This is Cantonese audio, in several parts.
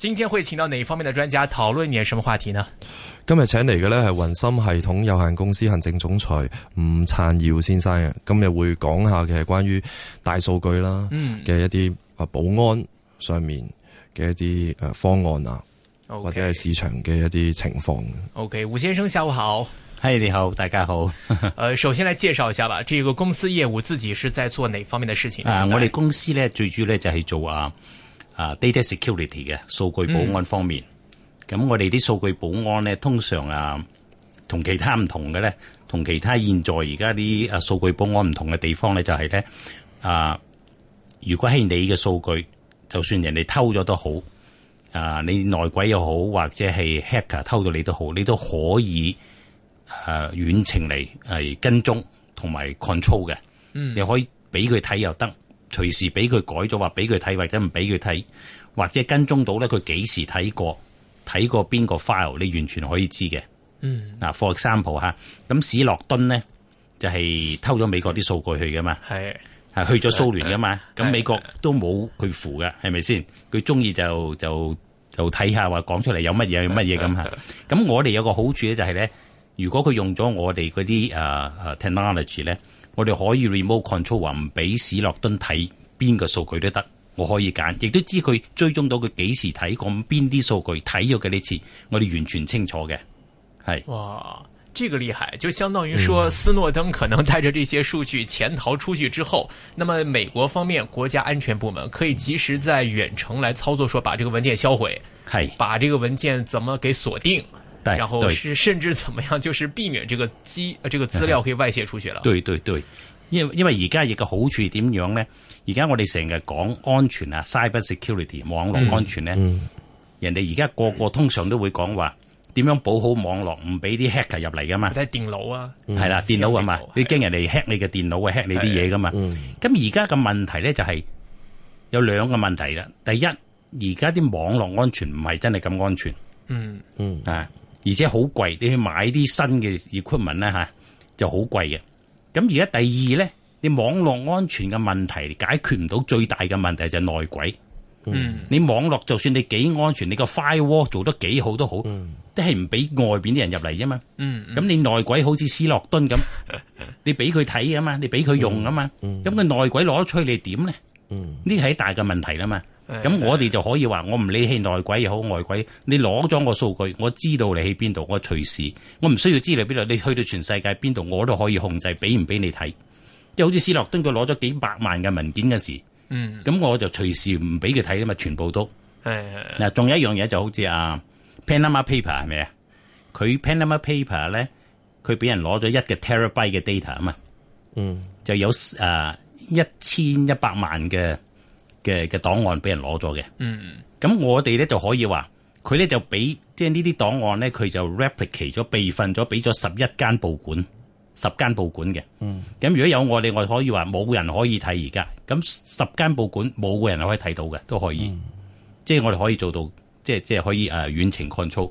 今天會請到哪一方面的專家討論你什麼話題呢？今日請嚟嘅呢係雲深系統有限公司行政總裁伍燦耀先生，今日會講一下嘅關於大數據啦，嘅一啲啊保安上面嘅一啲誒方案啊，嗯、或者係市場嘅一啲情況。O、okay、K，、okay, 伍先生下午好，係你好，大家好。誒、 呃，首先嚟介紹一下吧，這個公司業務自己是在做哪方面的事情？啊，嗯、Right. 我哋公司呢，最主要呢就係做啊。啊，data security 嘅數據保安方面，咁、嗯、我哋啲數據保安咧，通常啊，同其他唔同嘅咧，同其他現在而家啲啊數據保安唔同嘅地方咧，就係、是、咧啊，如果係你嘅數據就算人哋偷咗都好，啊，你內鬼又好，或者係 hacker 偷到你都好，你都可以啊遠程嚟係、啊、跟蹤同埋 control 嘅，嗯，你可以俾佢睇又得。隨時俾佢改咗，話俾佢睇，或者唔俾佢睇，或者跟蹤到咧，佢幾時睇過，睇過邊個 file，你完全可以知嘅。嗯，嗱，For example 吓，咁史洛敦呢，就係偷咗美國啲數據去㗎嘛，係的去咗蘇聯㗎嘛，咁的美國都冇佢符㗎，係咪先？佢中意就就就睇下話，講出嚟有乜嘢有乜嘢咁吓，咁我哋有個好處咧，就係、是、咧，如果佢用咗我哋嗰啲 technology 咧。我哋可以 remote control，話唔俾史諾登睇邊個數據都得，我可以揀，亦都知佢追蹤到佢幾時睇過邊啲數據，睇咗幾多次，我哋完全清楚嘅，係。哇，呢、這個厲害，就相當於說，斯諾登可能帶着這些數據潛逃出去之後，嗯、那麼美國方面國家安全部門可以及時在遠程來操作，說把這個文件銷毀，係是，把這個文件怎麼給鎖定。然後是甚至怎麼樣，就是避免這個機，對這個資料可以外泄出去啦。對對對，因因為而家亦個好處點樣咧？而家我哋成日講安全啊，cybersecurity 網絡安全咧，嗯嗯、人哋而家個個通常都會講話點樣保好網絡，唔俾啲 hacker 入嚟噶嘛？睇電腦啊，係啦的，電腦啊嘛，你驚人哋 hack 你嘅電腦啊，hack 你啲嘢噶嘛？咁而家嘅問題咧就係、是、有兩個問題啦。第一，而家啲網絡安全唔係真係咁安全。嗯嗯啊。而且好貴，你去買啲新嘅 equipment 咧吓，就好貴嘅。咁而家第二咧，你網絡安全嘅問題解決唔到，最大嘅問題就係內鬼。嗯，你網絡就算你幾安全，你個 firewall 做得幾好都好，都係唔俾外邊啲人入嚟啫嘛。嗯，咁你內鬼好似斯諾登咁，你俾佢睇啊嘛，你俾佢用啊嘛，咁佢內鬼攞咗出去你點咧？嗯，呢係一大嘅問題啦嘛。咁我哋就可以話，我唔理係內鬼又好外鬼，你攞咗我數據，我知道你喺邊度，我隨時，我唔需要知你邊度，你去到全世界邊度，我都可以控制，俾唔俾你睇。即係好似斯諾登佢攞咗幾百萬嘅文件嘅時，咁、嗯、我就隨時唔俾佢睇噶嘛，全部都。嗱、嗯，仲、嗯、有一樣嘢就好似啊、uh,，Panama paper 係咪啊？佢 Panama paper 咧，佢俾人攞咗一個 terabyte 嘅 data 啊嘛，嗯、就有一千一百萬嘅。嘅嘅檔案俾人攞咗嘅，嗯，咁我哋咧就可以話，佢咧就俾即係呢啲檔案咧，佢就 replicate 咗備份咗，俾咗十一間報館，十間報館嘅，嗯，咁如果有我哋，我可以話冇人可以睇而家，咁十間報館冇個人可以睇到嘅，都可以，即係、嗯、我哋可以做到，即係即係可以誒遠程 control。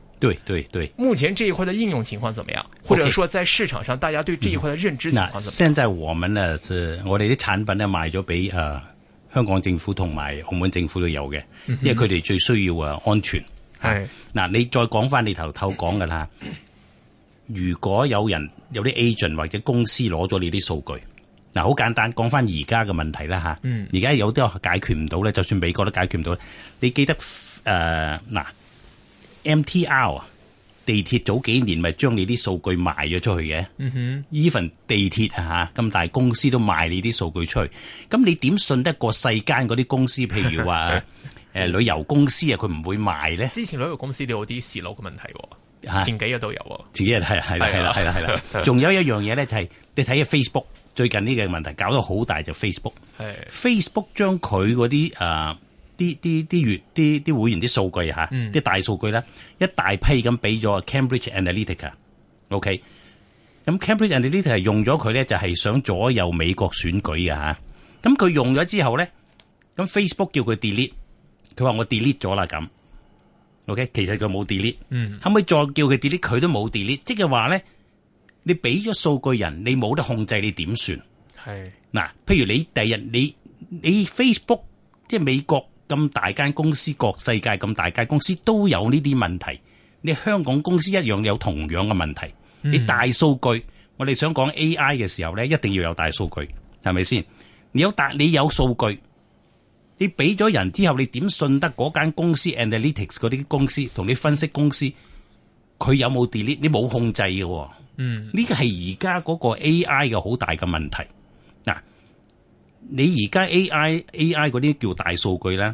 對對對，對對，目前這一塊的應用情況怎麼樣？Okay 或者說在市場上，大家對這一塊的認知情況怎麼樣？現在我們呢，是我哋啲產品呢賣咗俾誒香港政府同埋澳門政府都有嘅，因為佢哋最需要啊安全。係嗱，你再講翻你頭頭講嘅啦。如果有人有啲 agent 或者公司攞咗你啲數據，嗱、啊、好簡單，講翻而家嘅問題啦吓。而、啊、家、嗯、有啲解決唔到咧，就算美國都解決唔到。你記得誒嗱？呃呃啊 MTR 啊，MT L，地鐵早幾年咪將你啲數據賣咗出去嘅。嗯哼，even 地鐵吓咁大公司都賣你啲數據出去，咁、嗯、你點信得過世間嗰啲公司？譬如話誒、 呃、旅遊公司啊，佢唔會賣咧。之前旅遊公司都有啲洩漏嘅問題，啊、前幾日都有。前幾日係係啦係啦係啦，仲有一樣嘢咧就係、是、你睇下 Facebook，最近呢個問題搞到好大就是 Facebook。Facebook 將佢嗰啲誒。啲啲啲月啲啲會員啲數據嚇，啲、嗯、大數據咧，一大批咁俾咗 Cambridge Analytica，OK，、okay? 咁 Cambridge Analytica 係用咗佢咧，就係、是、想左右美國選舉嘅嚇。咁、啊、佢用咗之後咧，咁 Facebook 叫佢 delete，佢話我 delete 咗啦咁。OK，其實佢冇 delete，可唔可以再叫佢 delete？佢都冇 delete，即係話咧，你俾咗數據人，你冇得控制你，你點算？係嗱，譬如你第日你你 Facebook 即係美國。咁大間公司，各世界咁大間公司都有呢啲問題。你香港公司一樣有同樣嘅問題。嗯、你大數據，我哋想講 AI 嘅時候呢，一定要有大數據，係咪先？你有大，你有數據，你俾咗人之後，你點信得嗰間公司 Analytics 嗰啲公司同你分析公司，佢有冇 delete？你冇控制嘅，哦，嗯，呢個係而家嗰個 AI 嘅好大嘅問題嗱。你而家 A I A I 嗰啲叫大數據咧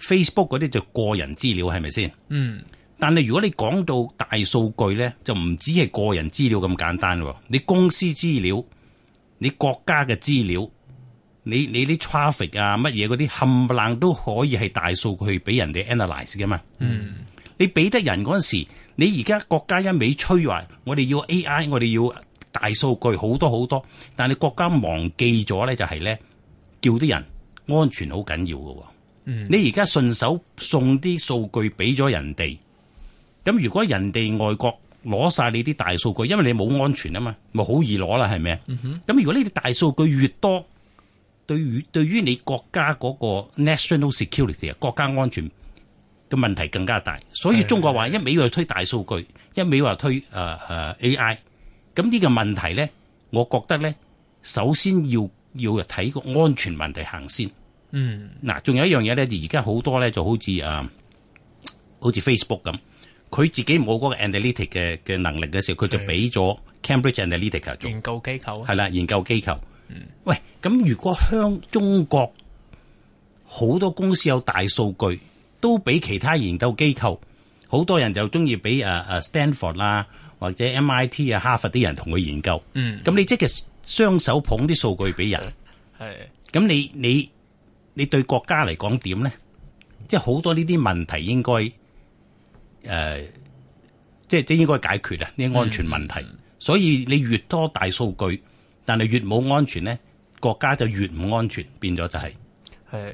，Facebook 嗰啲就個人資料係咪先？嗯。但係如果你講到大數據咧，就唔止係個人資料咁簡單。你公司資料，你國家嘅資料，你你啲 traffic 啊乜嘢嗰啲冚唪唥都可以係大數據俾人哋 analyze 噶嘛嗯。你俾得人嗰陣時，你而家國家一味催話我哋要 A I，我哋要大數據好多好多，但係國家忘記咗咧就係、是、咧。叫啲人安全好緊要嘅。嗯、你而家順手送啲數據俾咗人哋，咁如果人哋外國攞晒你啲大數據，因為你冇安全啊嘛，咪好易攞啦，係咪啊？咁、嗯、哼如果呢啲大數據越多，對於對於你國家嗰個 national security，啊，國家安全嘅問題更加大，所以中國話一味要推大數據，的一味話推誒誒、uh, uh, AI，咁呢個問題咧，我覺得咧，首先要要睇個安全問題行先，嗯。嗯，嗱，仲有一樣嘢咧，而家好多咧，就好似啊，好似 Facebook 咁，佢自己冇嗰個 analytic 嘅嘅能力嘅時候，佢就俾咗 Cambridge Analytica 做研究機構，啊。係啦，研究機構。嗯、喂，咁如果香中國好多公司有大數據，都俾其他研究機構，好多人就中意俾啊 Stanford 啦。.或者 MIT 啊，哈佛啲人同佢研究，嗯，咁你即係雙手捧啲數據俾人，係咁的你你你對國家嚟講點咧？即係好多呢啲問題應該誒、呃，即係即係應該解決啊！呢啲安全問題，嗯、所以你越多大數據，但係越冇安全咧，國家就越唔安全，變咗就係、是。呃，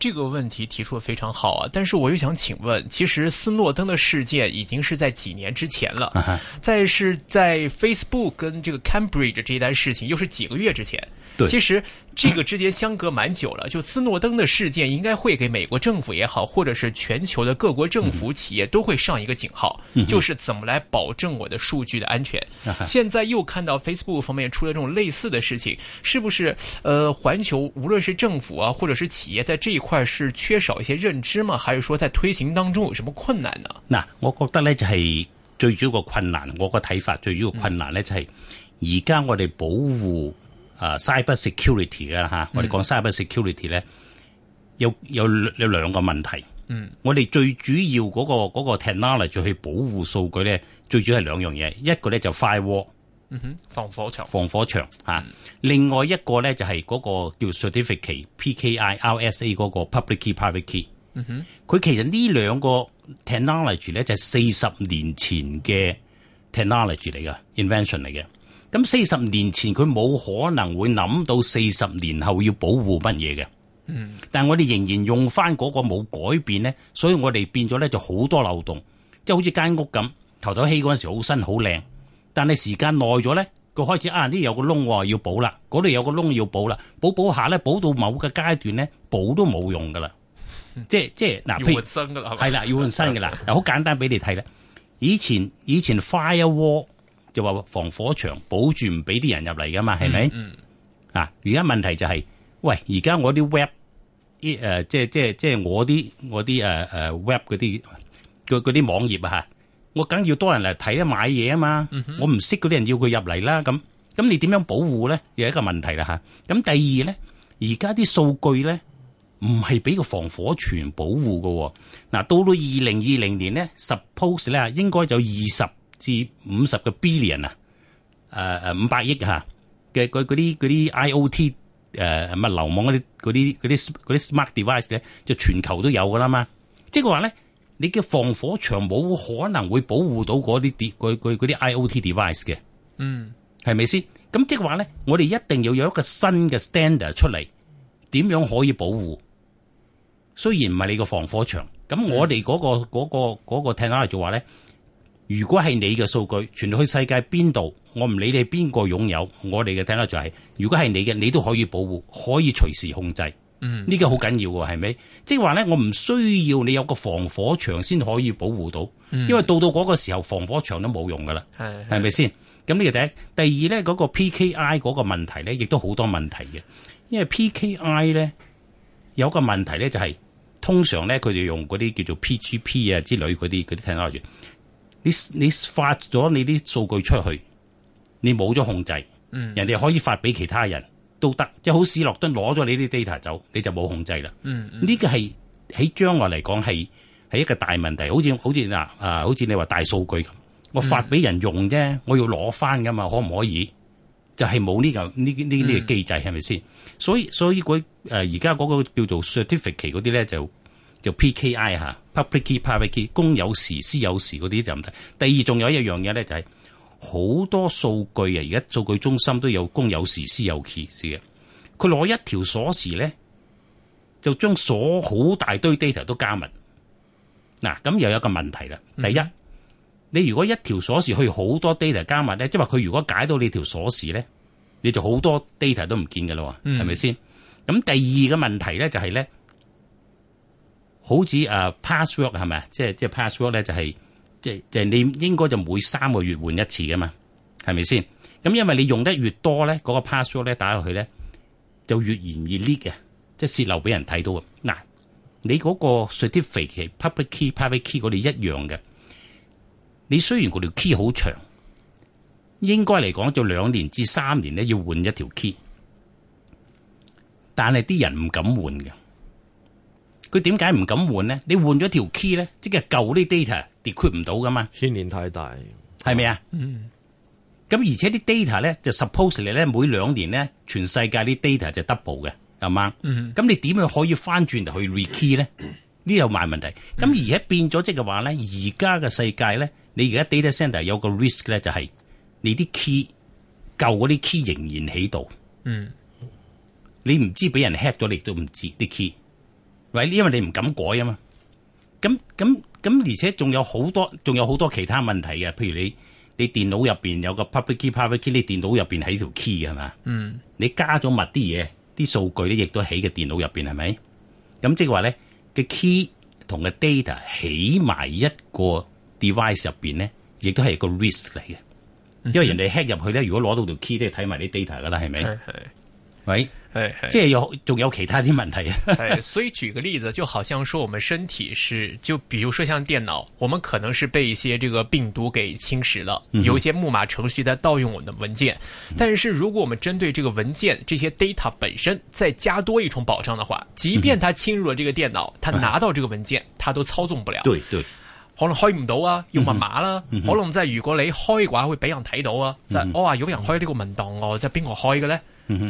這個問題提出的非常好啊，但是我又想請問，其實斯諾登的事件已經是在幾年之前了，uh huh. 在是在 Facebook 跟這個 Cambridge 這一單事情又是幾個月之前，對，其實這個之間相隔蠻久了。就斯諾登的事件應該會給美國政府也好，或者是全球的各國政府、企業都會上一個警號，uh huh. 就是怎麼來保證我的數據的安全。Uh huh. 現在又看到 Facebook 方面出了這種類似的事情，是不是？呃，環球無論是政府啊，或者是企業在這一塊是缺少一些認知嘛，還是說在推行當中有什麼困難呢？嗱，我覺得呢，就係、係、最主要個困難，我個睇法最主要個困難呢，嗯、就係而家我哋保護啊 cybersecurity 㗎啦吓，呃 Cyber security，嗯、我哋講 cybersecurity 呢，有有有兩個問題，嗯，我哋最主要嗰、嗰個、嗰個 technology 去保護數據呢，最主要係兩樣嘢，一個呢就 firewall。嗯哼，防火牆，防火牆吓，啊嗯、另外一個咧就係嗰個叫 certificate、PKI、RSA 嗰個 public key、private key。嗯哼，佢其實呢兩個 technology 咧就係四十年前嘅 technology 嚟噶，invention 嚟嘅。咁四十年前佢冇可能會諗到四十年後要保護乜嘢嘅。嗯，但係我哋仍然用翻嗰個冇改變咧，所以我哋變咗咧就好多漏洞，即係好似間屋咁頭頭起嗰陣時好新好靚。但係時間耐咗咧，佢開始呢度、啊、有個窿、哦，要補啦。嗰度有個窿要補啦，補補下咧，補到某個階段咧，補都冇用噶啦、嗯。即即嗱、啊，譬如係啦， 要換新噶啦。好 簡單俾你睇啦。以前以前 firewall 就話防火牆，保住唔俾啲人入嚟噶嘛，係咪？啊，而家問題就係、是，喂，而家我啲 web 誒、呃，即即即我啲我啲誒誒 web 嗰啲啲網頁啊吓。我梗要多人嚟睇啊，買嘢啊嘛！嗯、哼我唔識嗰啲人要佢入嚟啦，咁咁你點樣保護咧？又一個問題啦吓。咁第二咧，而家啲數據咧唔係俾個防火牆保護噶。嗱，到到二零二零年咧，suppose 咧應該有二十至五十個 billion 啊，誒誒五百億吓嘅嗰啲啲 IOT 誒物流網嗰啲嗰啲嗰啲嗰啲 smart device 咧，就全球都有噶啦嘛。即係話咧。你嘅防火牆冇可能會保護到嗰啲啲啲 IoT device 嘅，嗯，係咪先？咁即係話咧，我哋一定要有一個新嘅 standard 出嚟，點樣可以保護？雖然唔係你嘅防火牆，咁我哋嗰個嗰個嗰個聽落嚟就話咧，如果係你嘅數據傳去世界邊度，我唔理你邊個擁有，我哋嘅聽落嚟就係，如果係你嘅，你都可以保護，可以隨時控制。嗯，呢個好緊要喎，係咪？即係話咧，我唔需要你有個防火牆先可以保護到，嗯，因為到到嗰個時候防火牆都冇用噶啦，係咪先？咁呢個第一，第二咧嗰個 PKI 嗰個問題咧，亦都好多問題嘅，因為 PKI 咧有個問題咧就係通常咧佢哋用嗰啲叫做 PGP 啊之類嗰啲嗰啲 technology，你你發咗你啲數據出去，你冇咗控制，嗯，人哋可以發俾其他人。都得，即係好似史諾登攞咗你啲 data 走，你就冇控制啦，嗯。嗯，呢個係喺將來嚟講係係一個大問題，好似好似嗱啊，好似、呃、你話大數據咁，我發俾人用啫，我要攞翻噶嘛，可唔可以？嗯、就係冇呢個呢啲呢啲嘅機制係咪先？所以所以嗰誒而家嗰個叫做 certificate 嗰啲咧就就 PKI 吓 public key private key, key 公有時私有時嗰啲就唔得。第二仲有一樣嘢咧就係、是。好多數據啊！而家數據中心都有公有時事，有時事、私有件事嘅。佢攞一條鎖匙咧，就將鎖好大堆 data 都加密。嗱、啊，咁又有一個問題啦。嗯、第一，你如果一條鎖匙去好多 data 加密咧，即係話佢如果解到你條鎖匙咧，你就好多 data 都唔見嘅咯，係咪先？咁第二個問題咧就係、是、咧，好似、呃、password 係咪啊？即係即係 password 咧就係、是。即係你應該就每三個月換一次噶嘛，係咪先？咁因為你用得越多咧，嗰、嗰個 password 咧打落去咧，就越易易裂嘅，即係泄漏俾人睇到啊！嗱，你嗰個 certificate public key、public key 嗰啲一樣嘅，你雖然嗰條 key 好長，應該嚟講就兩年至三年咧要換一條 key，但係啲人唔敢換嘅。佢點解唔敢換咧？你換咗條 key 咧，即係舊啲 data decrypt 唔到噶嘛？牽連太大，係咪啊？嗯。咁而且啲 data 咧就 supposedly 咧，每兩年咧全世界啲 data 就 double 嘅，啱唔啱？嗯。咁你點樣可以翻轉去 rekey 咧？呢又埋問題。咁、嗯、而家變咗即係話咧，而家嘅世界咧，你而家 data center 有個 risk 咧，就係你啲 key 舊嗰啲 key 仍然喺度。嗯。你唔知俾人 hack 咗，你都唔知啲 key。喂，因為你唔敢改啊嘛，咁咁咁，而且仲有好多，仲有好多其他問題嘅，譬如你你電腦入邊有個 public key、private key，你電腦入邊喺條 key 嘅係嘛？嗯。你加咗密啲嘢，啲數據咧亦都喺個電腦入邊係咪？咁即係話咧，個 key 同個 data 起埋一個 device 入邊咧，亦都係個 risk 嚟嘅。嗯、哼因為人哋 hack 入去咧，如果攞到條 key，都係睇埋啲 data 㗎啦，係咪？係喂。哎即係有仲有其他啲問題啊、 哎！所以舉個例子，就好像說我們身體是，就比如說像電腦，我們可能是被一些這個病毒給侵蝕了，有一些木馬程序在盜用我們的文件。但是如果我們針對這個文件，這些 data 本身再加多一重保障的話，即便他侵入了這個電腦，他拿到這個文件，他都操縱不了。對對，可能開唔到啊，用密碼啦。可能在如果你開嘅話，會俾人睇到啊。即係我話如果人開呢個文檔，我即係邊個開嘅咧？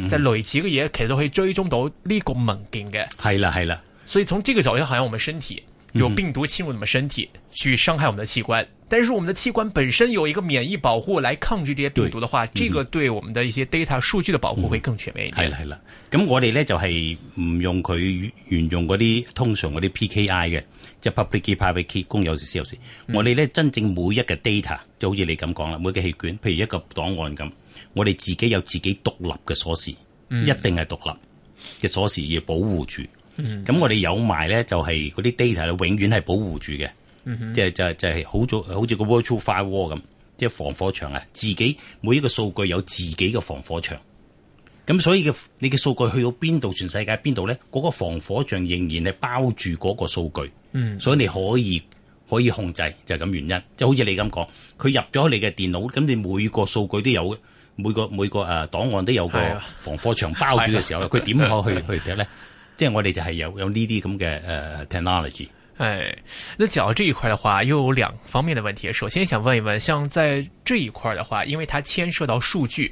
就類似嘅嘢，其實都可以追蹤到呢個文件嘅。係啦係啦，所以從呢個角度，好像我們身體有病毒侵入，我們身體、嗯、去傷害我們的器官，但是我們的器官本身有一個免疫保護來抗拒這些病毒的話，對這個對我們的一些 data 數據的保護會更全面一點。係啦係啦，咁我哋呢就係唔用佢沿用嗰啲通常嗰啲 PKI 嘅，即係、就是、public key private key 公有時、私有時。嗯、我哋呢真正每一個 data 就好似你咁講啦，每個器官譬如一個檔案咁。我哋自己有自己獨立嘅鎖匙，一定係獨立嘅鎖匙要保護住。咁、mm hmm. 我哋有埋咧，就係嗰啲 data 永遠係保護住嘅，即係就係就係好咗，好似個 virtual firewall 咁，即係防火牆啊。自己每一個數據有自己嘅防火牆。咁所以嘅你嘅數據去到邊度，全世界邊度咧，嗰、那個防火牆仍然係包住嗰個數據。Mm hmm. 所以你可以可以控制，就係、是、咁原因。即係好似你咁講，佢入咗你嘅電腦，咁你每個數據都有。每個每個誒、呃、檔案都有個防火牆包住嘅時候，佢點、啊、可去 去踢咧？即係我哋就係有有呢啲咁嘅誒 technology。誒、呃 techn 哎，那講到這一塊嘅話，又有兩方面嘅問題。首先想問一問，像在這一塊嘅話，因為它牽涉到數據。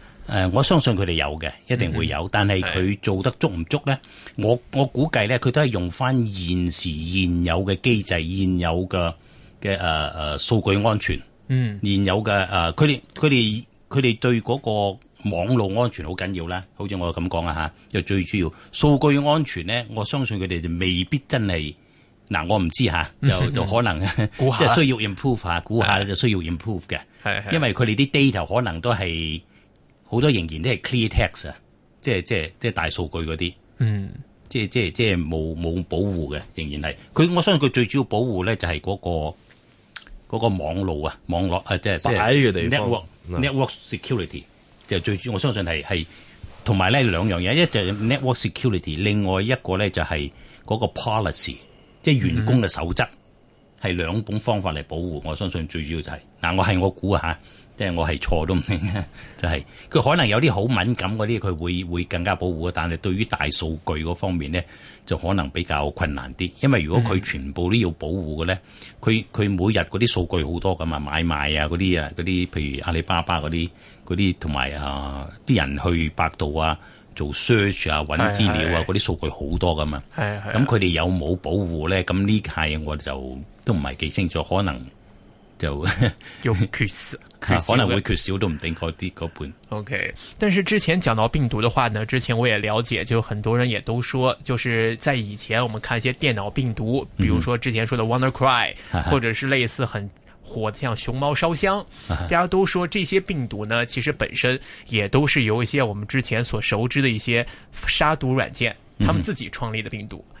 呃、我相信佢哋有嘅，一定會有，嗯、但係佢做得足唔足咧？我我估計咧，佢都係用翻現時現有嘅機制，現有嘅嘅誒誒數據安全，嗯現，現有嘅誒，佢哋佢哋佢哋對嗰個網絡安全好緊要啦，好似我咁講啊下，就最主要數據安全咧，我相信佢哋就未必真係，嗱、呃、我唔知下，就就可能，即係、嗯嗯、 需要 improve 下，是的 估下就需要 improve 嘅，是的 因為佢哋啲 data 可能都係。好多仍然都係 clear text 啊，即係即係即係大數據嗰啲，嗯，即係即係即係冇冇保護嘅，仍然係佢。我相信佢最主要保護咧就係嗰個嗰個網路啊，網絡啊，即係即係 network network security 就係最主要。我相信係係同埋咧兩樣嘢，一就係 network security，另外一個咧就係嗰個 policy，即係員工嘅守則，係兩種方法嚟保護。我相信最主要就係嗱，我係我估嚇。即係我係錯都唔明就係、係、佢可能有啲好敏感嗰啲，佢會會更加保護。但係對於大數據嗰方面咧，就可能比較困難啲。因為如果佢全部都要保護嘅咧，佢佢每日嗰啲數據好多噶嘛，買賣啊嗰啲啊嗰啲，譬如阿里巴巴嗰啲嗰啲，同埋啊啲人去百度啊做 search 啊揾資料啊嗰啲數據好多噶嘛。係啊係啊。咁佢哋有冇保護咧？咁呢界我哋就都唔係幾清楚，可能。就有缺失， 啊、可能會缺少都唔定嗰啲嗰半。 OK，但是之前講到病毒的話呢，之前我也了解，就很多人也都說，就是在以前我們看一些電腦病毒，比如說之前說的 Wanna Cry，或者是類似很火的像熊貓燒香，大家都說這些病毒呢，其實本身也都是由一些我們之前所熟知的一些殺毒軟件，他們自己創立的病毒。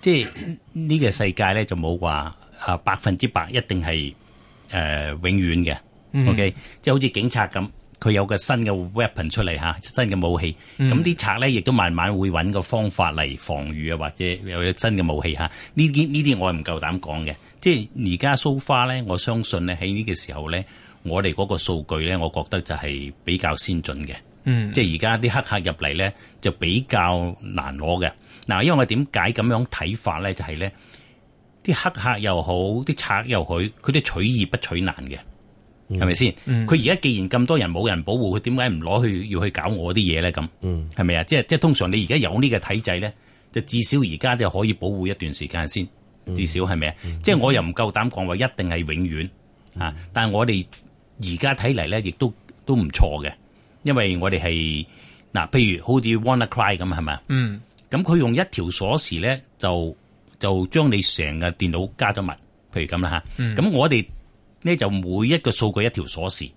即係呢，這個世界咧，就冇話啊，百分之百一定係誒、呃、永遠嘅。OK，即係好似警察咁，佢有個新嘅 weapon 出嚟吓，新嘅武器。咁啲賊咧，亦都慢慢會揾個方法嚟防禦啊，或者有個新嘅武器吓。呢啲呢啲，我係唔夠膽講嘅。即係而家 so far 咧，我相信咧，喺呢個時候咧，我哋嗰個數據咧，我覺得就係比較先進嘅。嗯、即係而家啲黑客入嚟呢，就比較難攞嘅。嗱，因為我點解咁樣睇法呢？就係、是、呢啲黑客又好，啲賊又好，佢都取易不取難嘅，係咪先？佢而家既然咁多人冇人保護，佢點解唔攞去要去搞我啲嘢呢？咁、嗯，係咪啊？即係即係通常你而家有呢個體制呢，就至少而家就可以保護一段時間先，嗯、至少係咪、嗯、啊？即係、嗯、我又唔夠膽講話一定係永遠啊，但係我哋而家睇嚟呢，亦都都唔錯嘅。因為我哋係嗱，譬如好似 WannaCry 咁，係嘛，咁佢、嗯、用一條鎖匙咧，就就將你成個電腦加咗密，譬如咁啦吓，咁、嗯、我哋咧就每一個數據一條鎖匙，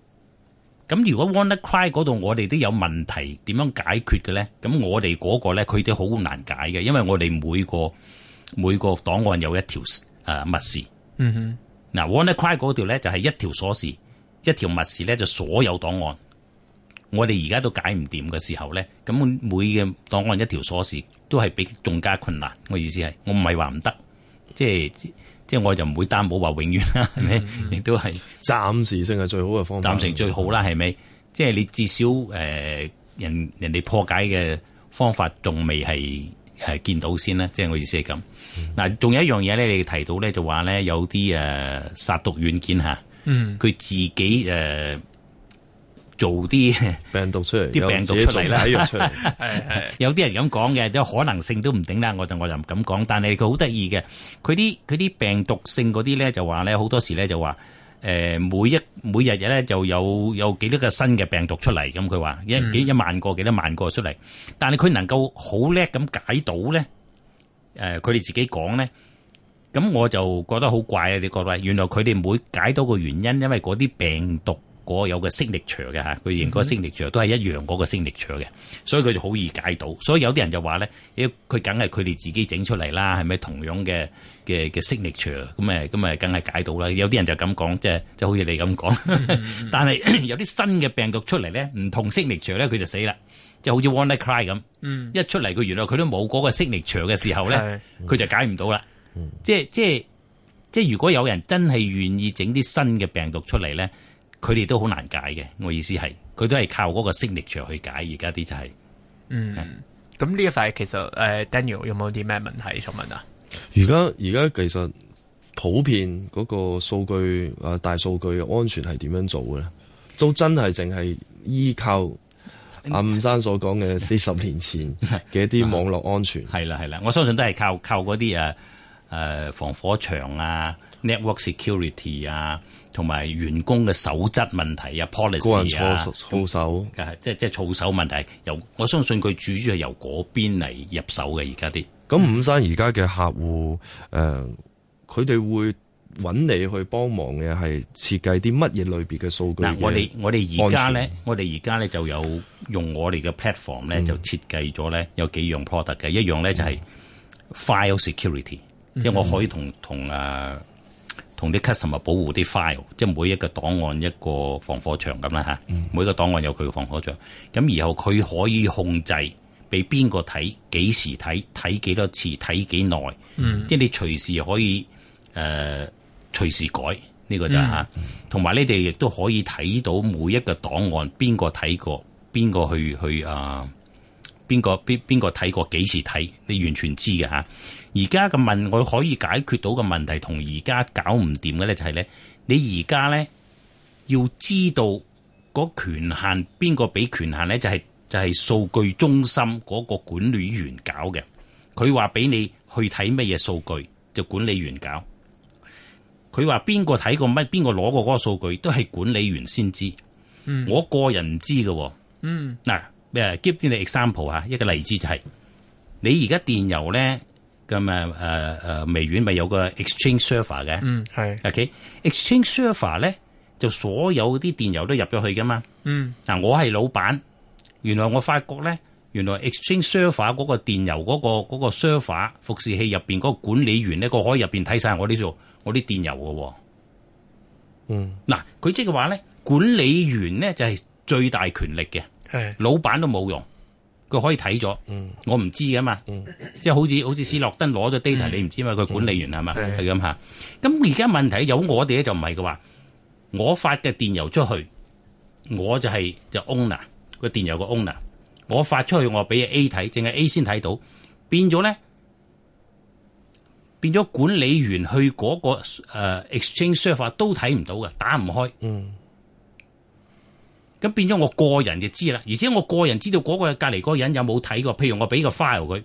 咁如果 WannaCry 嗰度我哋都有問題，點樣解決嘅咧？咁我哋嗰個咧，佢都好難解嘅，因為我哋每個每個檔案有一條誒、呃、密匙，嗱 WannaCry 嗰條咧就係一條鎖匙，一條密匙咧就所有檔案。我哋而家都解唔掂嘅時候咧，咁每個檔案一條鎖匙都係比仲加困難。我意思係，我唔係話唔得，即係即係我就唔會擔保話永遠啦，係咪嗎？嗯嗯亦都係暫時先係最好嘅方法，暫時最好啦，係咪、嗯？即係你至少誒、呃，人人哋破解嘅方法仲未係係、呃、見到先啦，即係我意思係咁。嗱、嗯嗯，仲有一樣嘢咧，你提到咧就話咧有啲誒、呃、殺毒軟件下嗯，佢自己誒。呃做啲病毒出嚟，啲病毒出嚟啦。有啲人咁講嘅，啲可能性都唔定啦。我就我就唔敢講。但係佢好得意嘅，佢啲佢啲病毒性嗰啲咧，就話咧好多時咧就話，誒，每一每日日咧就有有幾多個新嘅病毒出嚟。咁佢話一幾一萬個幾多萬個出嚟。但係佢能夠好叻咁解到咧，誒，佢哋自己講咧，咁我就覺得好怪啊！你覺得，原來佢哋每解到個原因，因為嗰啲病毒。我有個適力場嘅嚇，佢認嗰個適力場都係一樣嗰個適力場嘅，所以佢就好易解到。所以有啲人就話咧，佢梗係佢哋自己整出嚟啦，係咪同樣嘅嘅嘅適力場？咁誒，咁誒，梗係解到啦。有啲人就咁講，即係就好似你咁講。嗯、 但係 有啲新嘅病毒出嚟咧，唔同適力場咧，佢就死啦。就好似 Wanna Cry 咁，嗯、一出嚟佢原來佢都冇嗰個適力場嘅時候咧，佢的就解唔到啦。即係即係即係，如果有人真係願意整啲新嘅病毒出嚟咧。佢哋都好難解嘅，我意思係，佢都係靠嗰個 signature 去解，而家啲就係、是，嗯，咁呢是、嗯、一塊其實，誒、呃、Daniel 有冇啲咩問題想問啊？而家而家其實普遍嗰個數據啊、呃，大數據嘅安全係點樣做嘅咧？都真係淨係依靠阿、嗯啊、伍生所講嘅四十年前嘅一啲網絡安全，係啦係啦，我相信都係靠靠嗰啲啊誒防火牆啊。network security policy, 啊，同埋員工嘅守則問題啊，policy 啊，即係即係操守問題。由我相信佢主要係由嗰邊嚟入手嘅。而家啲咁五山而家嘅客戶，誒、呃，佢哋會揾你去幫忙嘅係設計啲乜嘢類別嘅數據嘅、啊。我哋我哋而家咧，我哋而家咧就有用我哋嘅 platform 咧，嗯、就設計咗咧有幾樣 product 嘅。嗯、一樣咧就係、是、file security，、嗯、即係我可以同同誒、啊。同啲 customer 保護啲 file，即係每一個檔案一個防火牆咁啦，吓，每一個檔案有佢嘅防火牆，咁然後佢可以控制俾邊個睇，幾時睇，睇幾多次，睇幾耐。嗯、即係你隨時可以誒隨、呃、時改呢、這個就嚇。同埋、嗯、你哋亦都可以睇到每一個檔案邊個睇過，邊個去去啊。邊個邊邊個睇過？幾時睇？你完全知嘅吓。而家嘅問我可以解決到嘅問題，同而家搞唔掂嘅咧就係、是、咧，你而家咧要知道嗰權限邊個俾權限咧、就是，就係就係數據中心嗰個管理員搞嘅。佢話俾你去睇乜嘢數據就是、管理員搞。佢話邊個睇過乜？邊個攞過嗰個數據都係管理員先知。嗯，我個人唔知嘅。嗯，嗱。誒，give 畀你 example 啊，一個例子就係、是、你而家電郵咧咁誒誒誒微軟咪有個 exchange server 嘅，係、嗯、ok exchange server 咧就所有啲電郵都入咗去噶嘛，嗯，嗱、啊、我係老闆，原來我發覺咧，原來 exchange server 嗰個電郵嗰、那個、那個 server 服務器入邊嗰個管理員咧，佢可以入邊睇晒我呢度我啲電郵噶，嗯，嗱，佢即係話咧，管理員咧就係、是、最大權力嘅。老闆都冇用，佢可以睇咗。嗯、我唔知噶嘛，嗯、即係好似好似斯諾登攞咗 data，你唔知嘛？佢管理員係嘛，係咁吓。咁而家問題有我哋咧就唔係嘅話，我發嘅電郵出去，我就係就 owner 個電郵個 owner，我發出去我俾 A 睇，淨係 A 先睇到，變咗咧，變咗管理員去嗰、那個誒、呃、exchange server 都睇唔到嘅，打唔開。嗯咁變咗，我個人就知啦。而且我個人知道嗰個隔離嗰個人有冇睇過。譬如我俾個 file 佢，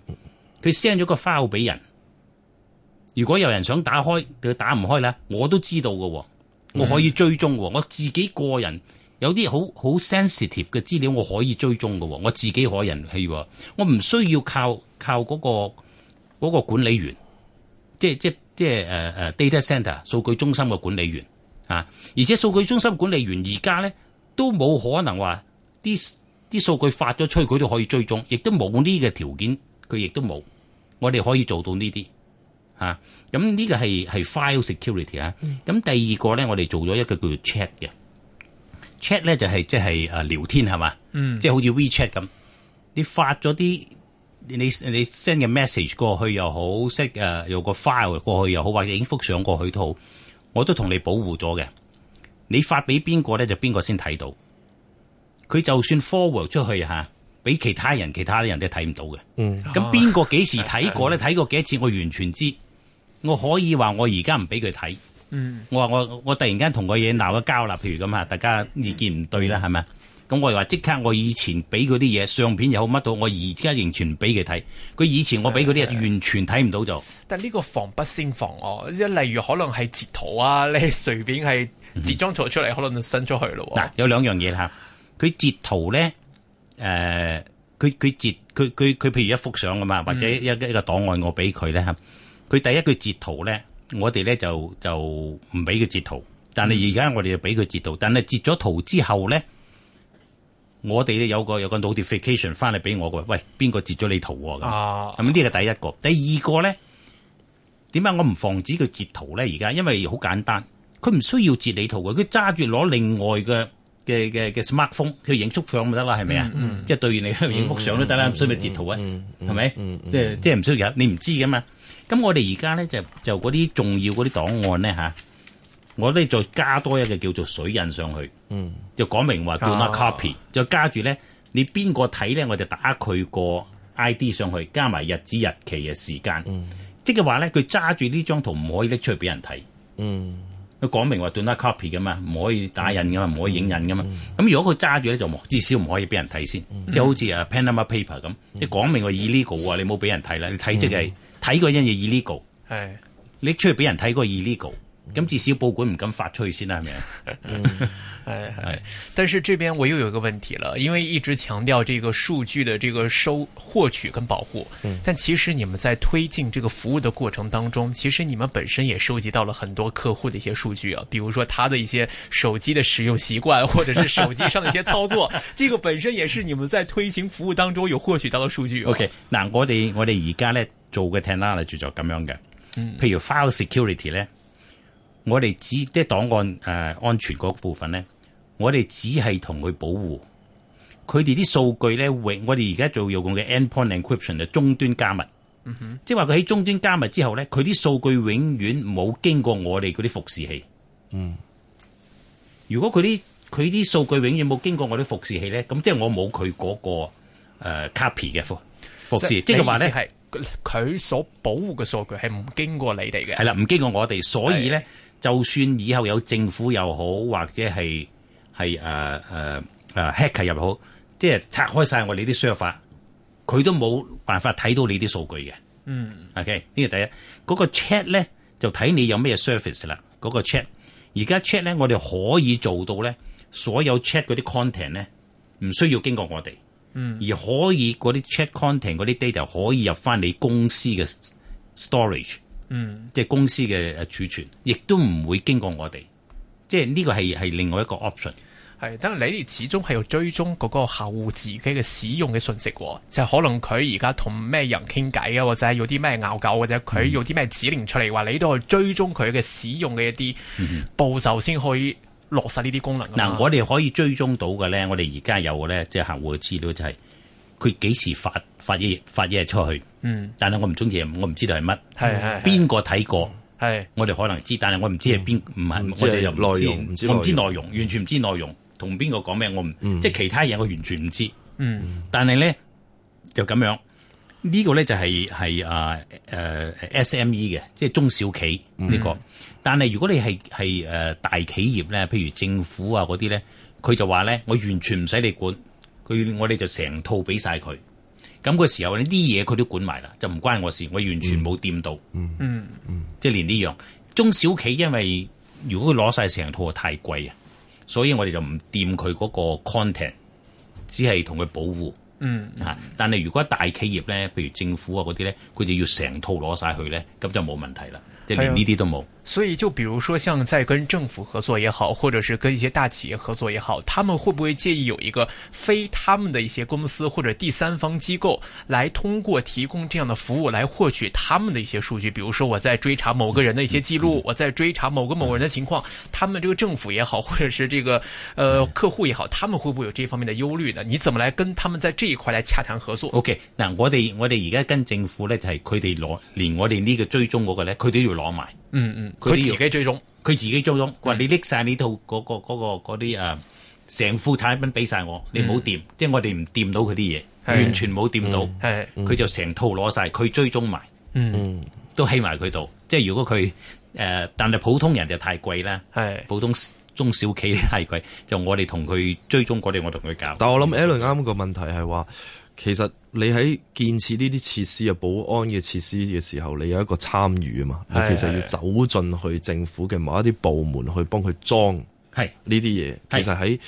佢 send 咗個 file 俾人。如果有人想打開，佢打唔開咧，我都知道喎。我可以追蹤。我自己個人有啲好好 sensitive 嘅資料，我可以追蹤喎。我自己可人去喎，我唔需要靠靠嗰個嗰個管理員，即係即係即係誒誒 data center 數據中心嘅管理員啊。而且數據中心管理員而家咧。都冇可能話啲啲數據發咗出去，佢都可以追蹤，亦都冇呢個條件，佢亦都冇。我哋可以做到呢啲嚇。咁、啊、呢個係係 file security 啊。咁、嗯、第二個咧，我哋做咗一個叫做 chat 嘅 chat 咧，就係即係聊天係嘛，嗯、即係好似 WeChat 咁。你發咗啲你你 send 嘅 message 過去又好，識誒有個 file 過去又好，或者影幅相過去都好，我都同你保護咗嘅。你發俾邊個咧，就邊個先睇到。佢就算 forward 出去吓，俾其他人，其他啲人都睇唔到嘅。嗯，咁邊個幾時睇過咧？睇 的過幾多次？我完全知。我可以話我而家唔俾佢睇。嗯，我話我我突然間同個嘢鬧咗交啦，譬如咁啊，大家意見唔對啦，係咪、嗯？咁我又話即刻我以前俾嗰啲嘢，相片又好乜到？我而家仍全唔俾佢睇。佢以前我俾嗰啲嘢完全睇唔到就。但係呢個防不勝防哦，即係例如可能係截圖啊，你隨便係。截張圖出嚟，可能就伸出去咯。嗱、嗯，有兩樣嘢啦。佢截圖咧，誒、呃，佢佢截佢佢佢，譬如一幅相啊嘛，或者一一個檔案我俾，我俾佢咧。佢第一句截圖咧，我哋咧就就唔俾佢截圖。但係而家我哋就俾佢截圖。但係截咗圖之後咧，我哋有個有個 notification 翻嚟俾我嘅，喂，邊個截咗你圖喎？咁呢個第一個，第二個咧，點解我唔防止佢截圖咧？而家因為好簡單。佢唔需要截你圖嘅，佢揸住攞另外嘅嘅嘅嘅 smartphone 去影幅相就得啦，係咪啊？即係對完你去影幅相都得啦，所以咪截圖啊，係咪？即係即係唔需要你唔知噶嘛。咁我哋而家咧就就嗰啲重要嗰啲檔案咧吓，我咧再加多一個叫做水印上去，mm hmm. 就講明話叫 copy。再、oh. 加住咧，你邊個睇咧，我就打佢個 I D 上去，加埋日子日期嘅時間，mm hmm. 即係話咧佢揸住呢這張圖唔可以拎出去俾人睇，嗯、mm。Hmm. 佢講明話 do not copy 嘅嘛，唔可以打印嘅嘛，唔可以影印嘅嘛。咁、mm hmm. 如果佢揸住咧，就至少唔可以俾人睇先。即係、mm hmm. 好似啊，Panama paper 咁，即講、mm hmm. 明話 illegal 啊，你冇俾人睇啦。你睇即係睇嗰樣嘢 illegal，係、mm hmm. 拎出去俾人睇嗰個 illegal。咁至少報館唔敢發出去先啦，係咪？係係，但是這邊我又有一個問題了，因為一直強調這個數據的這個收，獲取跟保護，嗯、但其實你們在推進這個服務的過程當中，其實你們本身也收集到了很多客戶的一些數據啊，比如說他的一些手機的使用習慣，或者是手機上的一些操作， 這個本身也是你們在推行服務當中有獲取到的數據，啊。O K，嗱，我哋我哋而家呢做嘅 technology 就咁樣嘅，嗯，譬如 file security 呢。我哋只即係檔案誒、呃、安全嗰部分咧，我哋只係同佢保護佢哋啲數據咧永。我哋而家做用嘅 endpoint encryption 嘅終端加密，嗯、哼即係話佢喺終端加密之後咧，佢啲數據永遠冇經過我哋嗰啲服侍器。嗯，如果佢啲佢啲數據永遠冇經過我啲服侍器咧，咁即係我冇佢嗰個誒、呃、copy 嘅服服侍，即係話咧，係佢所保護嘅數據係唔經過你哋嘅，係啦，唔經過我哋，所以咧。就算以後有政府又好，或者係係誒誒誒 hacker 又好，即係拆開晒我哋啲 server，佢都冇辦法睇到你啲數據嘅。嗯，OK，呢個第一嗰、嗰個 chat 咧，就睇你有咩 service 啦。嗰個 chat 而家 chat 咧，我哋可以做到咧，所有 chat 嗰啲 content 咧，唔需要經過我哋，嗯、而可以嗰啲 chat content 嗰啲 data 可以入翻你公司嘅 storage。嗯，即係公司嘅儲存，亦都唔會經過我哋。即係呢個係係另外一個 option。係，但你哋始終係要追蹤嗰個客戶自己嘅使用嘅信息，就是、可能佢而家同咩人傾偈啊，或者有啲咩拗撬，或者佢有啲咩指令出嚟，話、嗯、你都去追蹤佢嘅使用嘅一啲步驟，先可以落實呢啲功能。嗱、嗯哼，嗯、我哋可以追蹤到嘅咧，我哋而家有嘅咧，即、就、係、是、客戶嘅資料就係、是。佢幾時發發嘢發嘢出去？嗯，但係我唔中意，我唔知道係乜。係係。邊個睇過？係。我哋可能知，但係我唔知係邊，唔係我哋又內容唔知內容，完全唔知內容，同邊個講咩？我唔即係其他嘢，我完全唔知。嗯。但係咧，就咁樣呢個咧就係係啊誒 SME 嘅，即係中小企呢個。但係如果你係係誒大企業咧，譬如政府啊嗰啲咧，佢就話咧，我完全唔使你管。佢我哋就成套俾晒佢，咁個時候呢啲嘢佢都管埋啦，就唔關我事，我完全冇掂到，嗯嗯嗯，即係連呢樣中小企，因為如果佢攞晒成套太貴啊，所以我哋就唔掂佢嗰個 content，只係同佢保護，嗯、吓、但係如果大企業咧，譬如政府啊嗰啲咧，佢就要成套攞晒去咧，咁就冇問題啦，即係連呢啲都冇。嗯嗯所以，就比如說，像在跟政府合作也好，或者是跟一些大企業合作也好，他們會不會介意有一個非他們的一些公司或者第三方機構來通過提供這樣的服務來獲取他們的一些數據？比如說，我在追查某個人的一些記錄，嗯嗯、我在追查某個某人的情況，嗯、他們這個政府也好，嗯、或者是這個呃、嗯、客戶也好，他們會不會有這方面的憂慮呢？你怎麼來跟他們在這一塊來洽談合作？OK，那我哋我哋而家跟政府呢就係佢哋攞連我哋呢個追蹤嗰個呢佢都要攞埋、嗯。嗯嗯。佢自己追蹤，佢自己追蹤。佢話你拎晒呢套嗰、嗰個嗰嗰啲誒成副產品俾晒我，你唔好掂，即係我哋唔掂到佢啲嘢，完全冇掂到。佢就成套攞晒，佢追蹤埋，嗯，都喺埋佢度。即係如果佢誒、呃，但係普通人就太貴啦。係的，普通中小企太貴，就我哋同佢追蹤嗰啲，我同佢搞。但係我諗 Ellen 啱個問題係話。其實你喺建設呢啲設施啊、保安嘅設施嘅時候，你有一個參與啊嘛。你其實要走進去政府嘅某一啲部門去幫佢裝係呢啲嘢。其實喺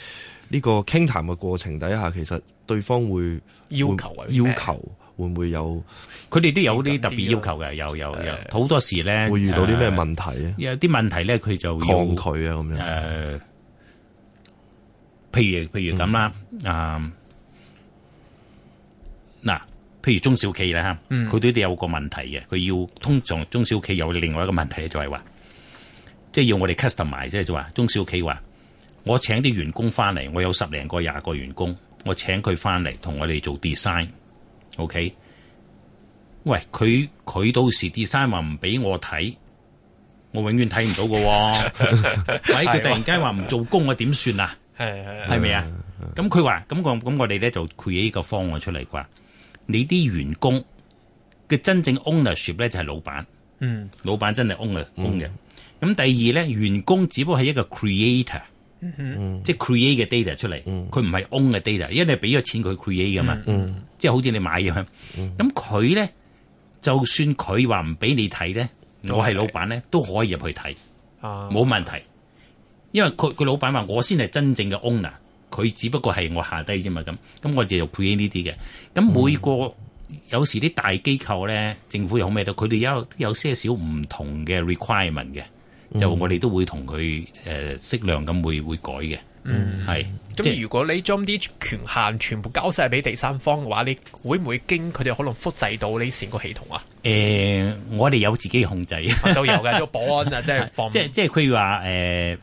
呢個傾談嘅過程底下，其實對方會要求，要求會唔會有？佢哋都有啲特別要求嘅，有有有，好多時咧會遇到啲咩問題？有啲問題咧，佢就抗拒啊咁樣。誒，譬如譬如咁啦啊。嗱，譬如中小企啦，佢哋都有個問題嘅。佢要通常中小企有另外一個問題，就係話，即係要我哋 custom 埋，即係話中小企話，我請啲員工翻嚟，我有十零個、廿個員工，我請佢翻嚟同我哋做 design。OK，喂，佢佢到時 design 話唔俾我睇，我永遠睇唔到噶。喂，佢突然間話唔做工我點算啊？係係係，係咪啊？咁佢話咁我咁我哋咧就 create 呢個方案出嚟啩？你啲員工嘅真正 ownership 咧就係老闆，嗯，老闆真係 owner owner 嘅。咁第二咧，員工只不過係一個 creator、嗯、即係 create 嘅 data 出嚟，佢唔係 own 嘅 data，因為你俾咗錢佢 create 㗎嘛，嗯、即係好似你買嘢咁，咁佢咧就算佢話唔俾你睇咧，我係老闆咧都可以入去睇，冇問題，因為佢老闆話我先係真正嘅 owner。佢只不過係我下低啫嘛咁，咁我哋就配呢啲嘅。咁每個有時啲大機構咧，嗯、政府有咩都，佢哋有有些少唔同嘅 requirement 嘅，嗯、就我哋都會同佢誒適量咁會會改嘅。嗯，係。咁如果你將啲權限全部交晒俾第三方嘅話，你會唔會驚佢哋可能複製到你成個系統啊？誒、呃，我哋有自己控制、啊、都有嘅，做保安啊，即係放。即即係佢話誒。呃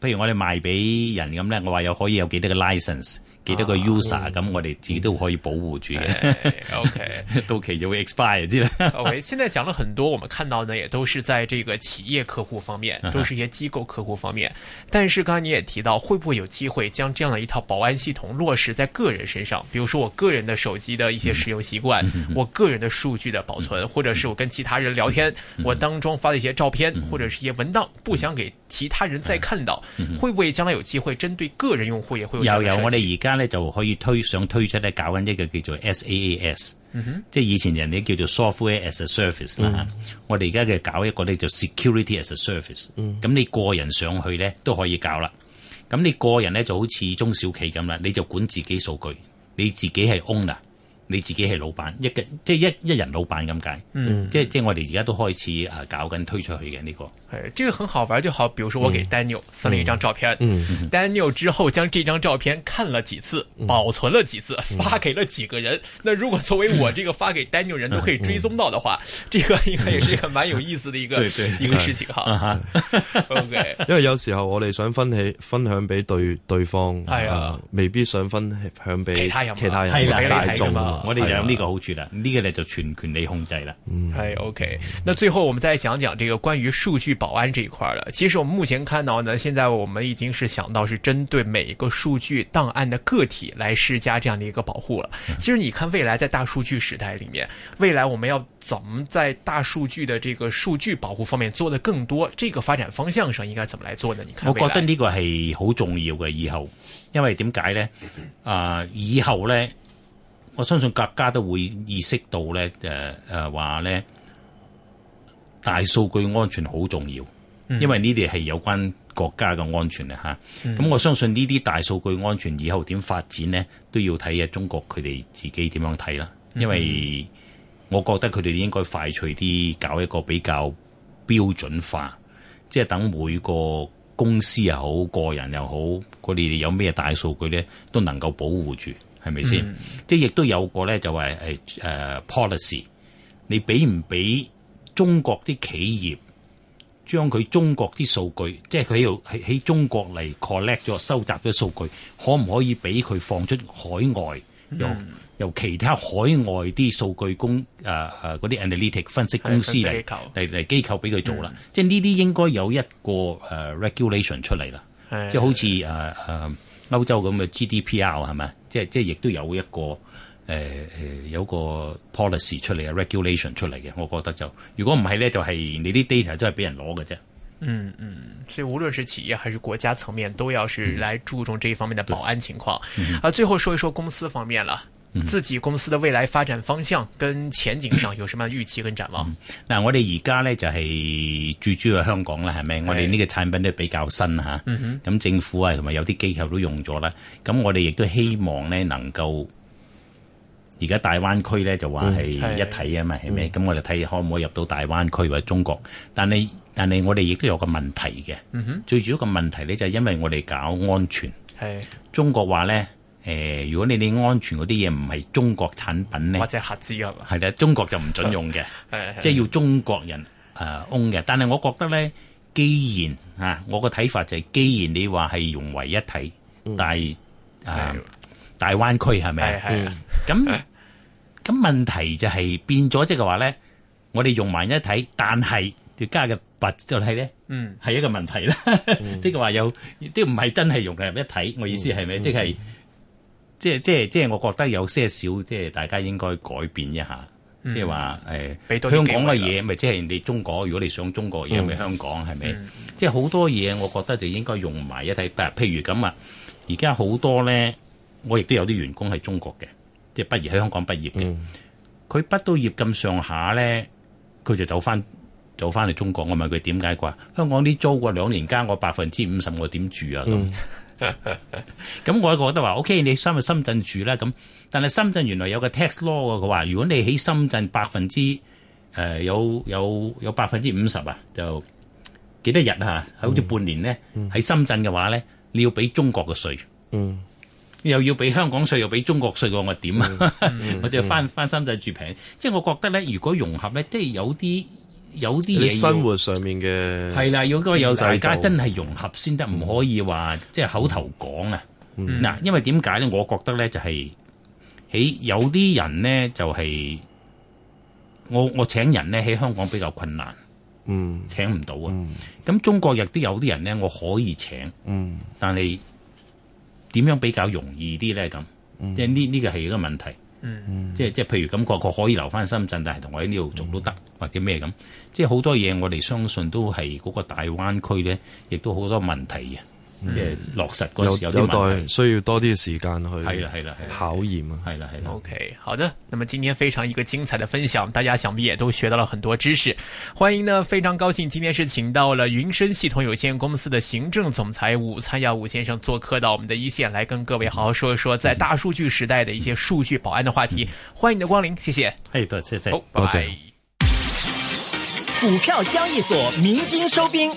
譬如我哋賣俾人咁呢，我話又可以有幾多個 license，幾多個 user，咁、啊嗯、我哋自己都可以保護住嘅。O K、嗯、到期就會 expire 嘅。O、okay, K，現在講了很多，我們看到呢，也都是在這個企業客戶方面，都是一些機構客戶方面。啊、哈但是剛才你也提到，會不會有機會將這樣的一套保安系統落實在個人身上？比如說，我個人的手機的一些使用習慣，嗯、我個人的數據的保存，嗯、或者是我跟其他人聊天，嗯嗯、我當中發的一些照片、嗯、或者是一些文檔，嗯、不想給。其他人再看到，嗯嗯、會唔會將來有機會針對個人用戶也會有？有我哋而家咧就可以推想推出咧，搞緊一個叫做 SaaS、嗯、即係以前人哋叫做 software as a service 啦、嗯啊。我哋而家嘅搞一個咧就 security as a service、嗯。咁、嗯、你個人上去咧都可以搞啦。咁你個人咧就好似中小企咁啦，你就管自己數據，你自己係 owner 你自己係老闆，一即係一一人老闆咁解，即係即係我哋而家都開始搞緊推出去嘅呢個。係，呢個很好玩，就好，比如說我給 Daniel 送了一張照片，Daniel 之後將這張照片看了幾次，保存了幾次，發給了幾個人。那如果作為我這個發給 Daniel 人都可以追蹤到的話，這個應該也是個蠻有意思的一個一個事情哈。OK，因為有時候我哋想分享分享俾對對方，係啊，未必想分享俾其他人、其他人、大眾。我哋就有呢個好處啦，呢吧個咧就全權利控制啦。係、嗯 hey, OK，那最後我們再講講這個關於數據保安這一塊了。其實我們目前看到呢，現在我們已經是想到是針對每一個數據檔案的個體來施加這樣的一個保護了。其實你看未來在大數據時代裏面，未來我們要怎麼在大數據的這個數據保護方面做得更多？這個發展方向上應該怎麼來做呢？你看，我覺得呢個係好重要嘅。以後，因為點解呢？啊、呃，以後呢我相信各家都會意識到咧，誒誒話咧，大數據安全好重要，嗯、因為呢啲係有關國家嘅安全嘅吓。咁、嗯啊、我相信呢啲大數據安全以後點發展咧，都要睇下中國佢哋自己點樣睇啦。因為我覺得佢哋應該快脆啲搞一個比較標準化，即係等每個公司又好、個人又好，佢哋有咩大數據咧，都能夠保護住。係咪先？即係亦都有一個咧、就係，就係誒 policy。你俾唔俾中國啲企業將佢中國啲數據，即係佢喺度喺中國嚟 collect 咗、收集咗數據，可唔可以俾佢放出海外？由、嗯、由其他海外啲數據公誒誒、uh, 嗰啲 analytic 分析公司嚟嚟機構俾佢做啦。嗯、即係呢啲應該有一個誒、uh, regulation 出嚟啦。的即係好似誒誒。Uh, uh, 歐洲咁嘅 GDPR 係咪？即係即係亦都有一個誒誒、呃呃、有一個 policy 出嚟嘅 regulation 出嚟嘅。我覺得就如果唔係咧，就係、是、你啲 data 都係俾人攞嘅啫。嗯嗯，所以無論係企業還是國家層面，都要是嚟注重呢一方面嘅保安情況。嗯、啊，最後說一說公司方面啦。自己公司嘅未來發展方向跟前景上有什麼預期跟展望？嗱、嗯，我哋而家呢就係最主要香港啦，係咪？是我哋呢個產品都比較新吓，咁、嗯哼啊、政府啊同埋有啲機構都用咗啦。咁我哋亦都希望呢能夠，而家大灣區呢就話係一體啊嘛，係咪、嗯？咁嗎、嗯、我哋睇可唔可以入到大灣區或者中國？但係但係我哋亦都有一個問題嘅，嗯、哼最主要個問題呢就係因為我哋搞安全，係是中國話呢。誒，如果你哋安全嗰啲嘢唔係中國產品咧，或者合資係啦，中國就唔准用嘅，即係要中國人誒 own 嘅。但係我覺得咧，既然啊我個睇法就係，既然你話係融為一體，但係啊大灣區係咪？係咁咁問題就係變咗即係話咧，我哋融埋一體，但係要加個白就係咧，嗯，係一個問題啦。即係話有，係唔係真係融入一體。我意思係咩？即係。即係即係即係，我覺得有些少即係大家應該改變一下，嗯、即係話誒，哎、香港嘅嘢咪即係人哋中國。如果你想中國嘢，咪、嗯、香港係咪？係咪嗯、即係好多嘢，我覺得就應該用埋一啲，但譬如咁啊。而家好多咧，我亦都有啲員工係中國嘅，即係畢業喺香港畢業嘅。佢、嗯、畢到業咁上下咧，佢就走翻走翻嚟中國。我問佢，點解佢話，香港啲租個兩年加我百分之五十，我點住啊？咁，嗯咁 我覺得話，O K，你去深圳住啦，咁，但係深圳原來有個 tax law 啊，佢話如果你喺深圳百分之誒、呃、有有有百分之五十啊，就幾多日啊，好似半年呢，喺、嗯嗯、深圳嘅話咧，你要俾中國嘅稅、嗯，又要俾香港稅，又俾中國稅，我話點啊？嗯嗯、 我就翻翻深圳住平，嗯、即係我覺得咧，如果融合咧，即係有啲。有啲嘢生活上面嘅係啦，要嗰個有大家真係融合先得，唔、嗯、可以話即係口頭講啊！嗱、嗯，因為點解咧？我覺得咧就係、是、喺有啲人咧就係、是、我我請人咧喺香港比較困難，嗯，請唔到啊！咁、嗯、中國亦都有啲人咧，我可以請，嗯，但係點樣比較容易啲咧？咁即係呢呢個係一個問題。嗯，即係即係，譬如咁，個個可以留翻深圳，但係同我喺呢度做都得，或者咩咁，即係好多嘢，我哋相信都係嗰個大灣區咧，亦都好多問題嘅。即係、嗯、落實嗰時候有待需要多啲時間去係啦係啦係考驗啊係啦係啦。OK，好的，那麼今天非常一個精彩的分享，大家想必也都學到了很多知識。歡迎呢，非常高興今天是請到了雲深系統有限公司的行政總裁伍燦耀伍先生做客到我們的一線，來跟各位好好說一說在大數據時代的一些數據保安的話題。嗯嗯、歡迎你的光臨，謝謝。誒，好多謝，多謝拜，再見。股票交易所鳴金收兵。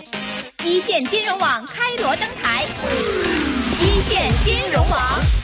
一線金融網開鑼登台，一線金融網。